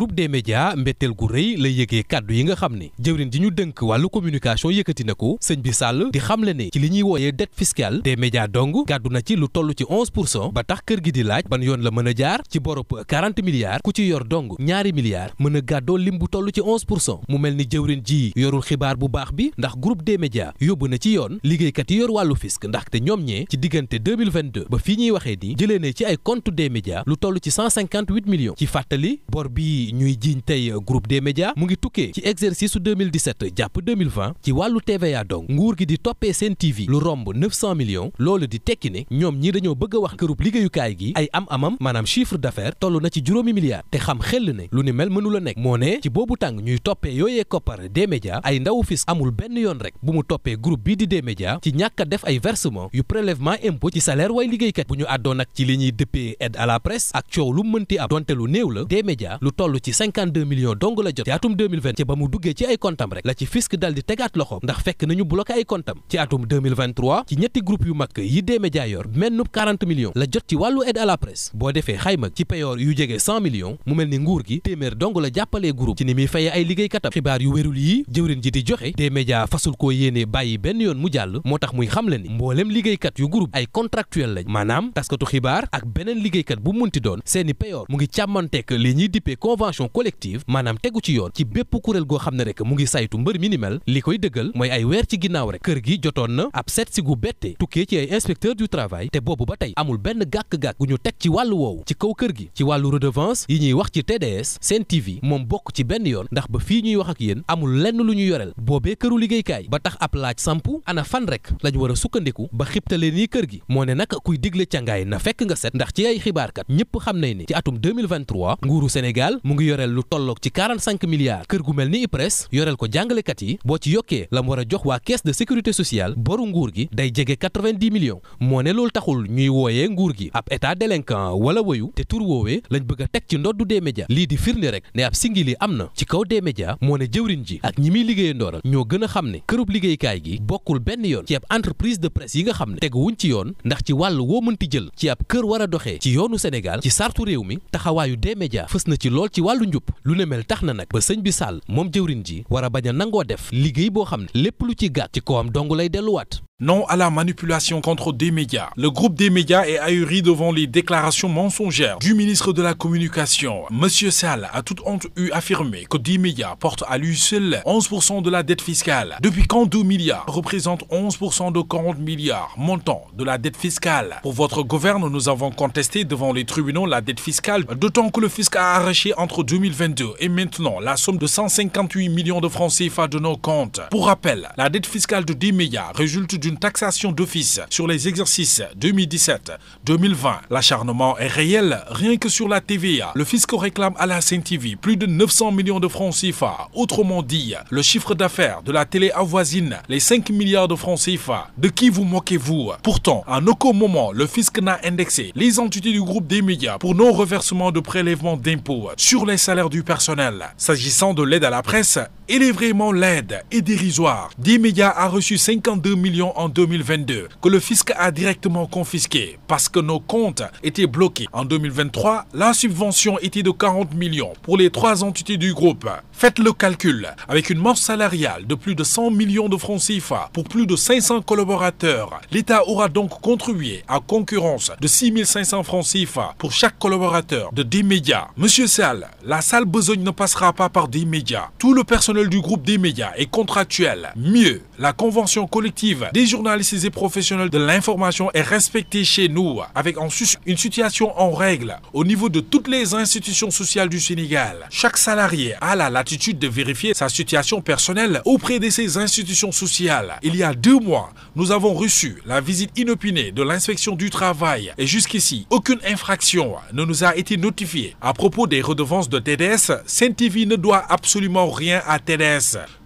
groupe des médias mbetteel gu rëy la yëgee kàddu yi nga xam ne jëwrin ji ñu dënk wàllu communication yëkkati na ko sëñ bi Sall di xamle ne ci li ñuy wooyee dette fiscale des médias dong gàddu na ci lu toll ci pour cent ba tax kër gi di laaj ban yoon la mën a jaar ci borop 40 milliards ku ci yor dong ñaari milliards mën a gàddoo lim bu toll ci 11 pour cent mu mel ni jëwrin ji yorul xibaar bu baax bi ndax groupe des médias yóbbu na ci yoon liggéeykat yi yor wàllu fisc ndaxte ñoom ñee ci diggante 2022 ba fii ñuy waxee ni jëlee ne ci ay compte des médias lu toll ci 158 ñuy jiiñ tey groupe des média mu ngi tukkee ci exercice 2017 jàpp 2020 ci wàllu TVA donc nguur gi di toppee seen TV lu romb 900 millions loolu di tekki ne ñoom ñi dañoo bëgg a wax kërub liggéeyukaay gi ay am-amam maanaam chiffre d'affaires toll na ci juróomi milliards te xam xel ne lu ni mel mënu la nekk moo ne ci boobu tàng ñuy toppee yooye koppar des médias ay ndaw fis amul benn yoon rek bu mu toppee groupe bii di des média ci ñàkk def ay versement yu prélèvement impôt ci salaire way liggéeykat bu ñu àddoon ak ci li ñuy dëppee aide à lu mënti ab donte néew la des médias lu toll ci 52 millions dong la jot ci atum 2020 ci ba mu duggee ci ay comptam rek la ci fisc dal di tegaat loxoom ndax fekk nañu bloqué ay comptam ci atum ci ñetti groupe yu mag yi dee yor mennub millions la jot ci wàllu aide à la presse boo defee xayma ci payoor yu jege 100 millions mu mel ni nguur gi téeméer dong la jàppalee groupe ci ni muy fayee ay liggéeykatam xibaar yu wérul yi jëwrin ji di joxe dee média fasul koo yéenee bàyyi benn yoon mu jàll moo tax muy xamle ni mbooleem liggéeykat yu groupe ay contractuel lañ maanaam taskatu xibaar ak beneen bu munti doon seeni payoor mu ngi càmmanteek li ñuy convention collective maanaam tegu ci yoon ci bépp kuréel goo xam ne rek mu ngi saytu mbër mi ni li koy dëggal mooy ay weer ci ginnaaw rek kër gi jotoon na ab seet si gu bette tukkee ci ay inspecteur du travail te boobu ba tey amul benn gàkk-gàkk gu ñu teg ci wàllu woowu ci kaw kër gi ci wàllu redevance yi ñuy wax ci TDS Sen TV moom bokk ci benn yoon ndax ba fii ñuy wax ak yéen amul lenn lu ñu yoreel boobee këru liggéeykaay ba tax ab laaj samp ana fan rek lañu war a sukkandiku ba xibtalee nii kër gi moo ne nag kuy digle cangaay na fekk nga set ndax ci ay xibaarkat ñëpp xam nañ ni ci atum 2023 nguuru Sénégal mu ngi yoreel lu tolloog ci 45 milliards kër gu mel ni IPRES yoreel ko jàngalekat yi boo ci yokkee la mu war a jox waa caisse de sécurité sociale boru nguur gi day jege 90 millions moo ne loolu taxul ñuy wooyee nguur gi ab état délinquant wala woyu te tur woowee lañ bëgg a teg ci ndoddu des médias lii di firnde rek ne ab singili am na ci kaw des médias moo ne jëwriñ ji ak ñi muy liggéeya ndooral ñoo gën a xam ne kërub liggéeykaay gi bokkul benn yoon ci ab entreprise de presse yi xam ne tegu wuñ yoon ndax ci wàll woo mënti jël ci ab kër war a doxee ci yoonu Sénégal ci sartu réew mi ci wàllu njub lu ne mel tax na nag ba sëñ bi Sall moom jëwrin ji war a bañ a nangoo def liggéey boo xam ne lépp lu ci gàtt ci am dong lay delluwaat Non à la manipulation contre des médias. Le groupe des médias est ahuri devant les déclarations mensongères du ministre de la Communication. Monsieur Sall a toute honte eu affirmé que des médias portent à lui seul de la dette fiscale. Depuis quand 2 milliards représente de montant de la dette fiscale Pour votre gouverne, nous avons contesté devant les tribunaux la dette fiscale, d'autant que le fisc a arraché entre et maintenant la somme de millions de d'une taxation d'office sur les exercices L'acharnement est réel, rien que sur la TVA. Le fisc réclame à la Sen TV plus de millions de francs CFA. Autrement dit, le chiffre d'affaires de la télé avoisine les 5 milliards de francs CFA. De qui vous moquez-vous Pourtant, en aucun moment, le fisc n'a indexé les entités du groupe des pour non-reversement de prélèvements d'impôts sur les salaires du personnel. S'agissant de l'aide à la presse, elle est vraiment en 2022 que le fisc a directement confisqué parce que nos comptes étaient bloqués. En 2023, la subvention était de 40 millions pour les trois entités du groupe. Faites le calcul, avec une marge salariale de plus de 100 millions de francs CFA pour plus de 500 collaborateurs, l'État aura donc contribué à concurrence de francs CFA pour chaque collaborateur de des médias. Monsieur Sall, la sale besogne ne passera pas par des médias. Tout le personnel du groupe des médias des journalistes et professionnels de l'information est respectée chez nous, avec en sus une situation en règle au niveau de toutes les institutions sociales du Sénégal. Chaque salarié a la latitude de vérifier sa situation personnelle auprès de ces institutions sociales. Il y a deux mois, nous avons reçu la visite inopinée de l'inspection du travail et jusqu'ici, aucune infraction ne nous a été notifiée. À propos des redevances de TDS, Sen TV ne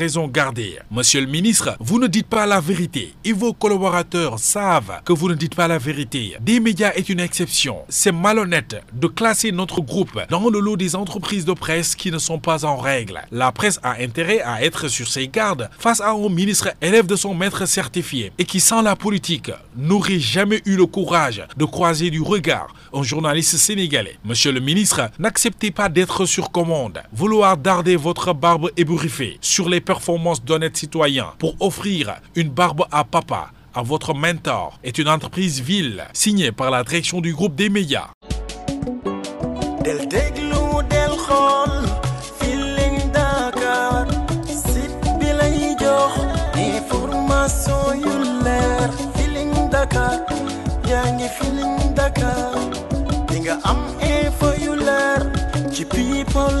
raison garder. Monsieur le ministre, vous ne dites pas la vérité et vos collaborateurs savent que vous ne dites pas la vérité. Des médias est une exception. C'est malhonnête de classer notre groupe dans le lot des entreprises de presse qui ne sont pas en règle. La presse a intérêt à être sur ses gardes face à un ministre élève de son maître certifié et qui, sans la politique, n'aurait jamais eu le courage de croiser du regard un journaliste sénégalais. Monsieur le ministre, performance d'honnêtes citoyens pour offrir une barbe à papa à votre mentor est une entreprise ville signée par la direction du groupe des médias. del déglu del xool Feeling Dakar site am info yu leer people